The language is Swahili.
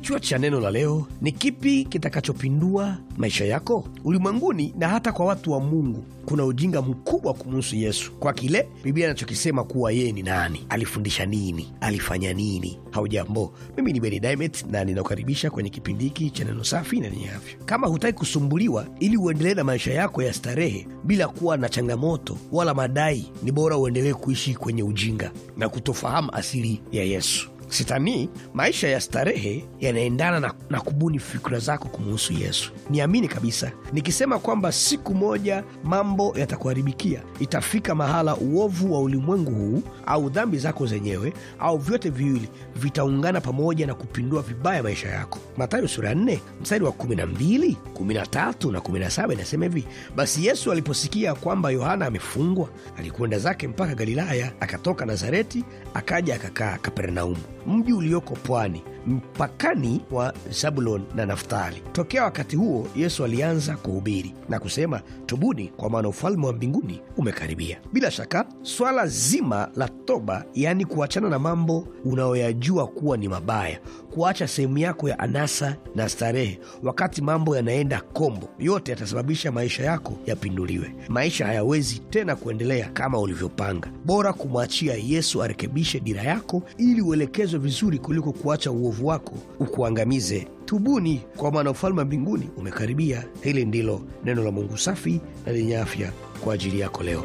Kichwa cha neno la leo ni kipi kitakachopindua maisha yako? Ulimwenguni na hata kwa watu wa Mungu kuna ujinga mkubwa kumuhusu Yesu, kwa kile Biblia inachokisema kuwa yeye ni nani, alifundisha nini, alifanya nini. Haujambo, mimi ni Beni Dimet na ninakukaribisha kwenye kipindi hiki cha neno safi na lenye afya. Kama hutaki kusumbuliwa ili uendelee na maisha yako ya starehe bila kuwa na changamoto wala madai, ni bora uendelee kuishi kwenye ujinga na kutofahamu asili ya Yesu. Sitanii, maisha ya starehe yanaendana na, na kubuni fikra zako kumuhusu Yesu. Niamini kabisa nikisema kwamba siku moja mambo yatakuharibikia. Itafika mahala uovu wa ulimwengu huu au dhambi zako zenyewe au vyote viwili vitaungana pamoja na kupindua vibaya maisha yako. Mathayo sura 4 mstari wa 12, 13 na 17 inasema hivi: basi Yesu aliposikia kwamba Yohana amefungwa, alikwenda zake mpaka Galilaya, akatoka Nazareti akaja akakaa Kapernaumu mji ulioko pwani mpakani wa Zabulon na Naftali. Tokea wakati huo Yesu alianza kuhubiri na kusema, tubuni, kwa maana ufalme wa mbinguni umekaribia. Bila shaka swala zima la toba, yaani kuachana na mambo unayoyajua kuwa ni mabaya, kuacha sehemu yako ya anasa na starehe wakati mambo yanaenda kombo, yote yatasababisha maisha yako yapinduliwe. Maisha hayawezi tena kuendelea kama ulivyopanga. Bora kumwachia Yesu arekebishe dira yako ili uelekezwe vizuri kuliko kuacha uovu uovu wako ukuangamize. Tubuni, kwa maana ufalme wa mbinguni umekaribia. Hili ndilo neno la Mungu safi na lenye afya kwa ajili yako leo.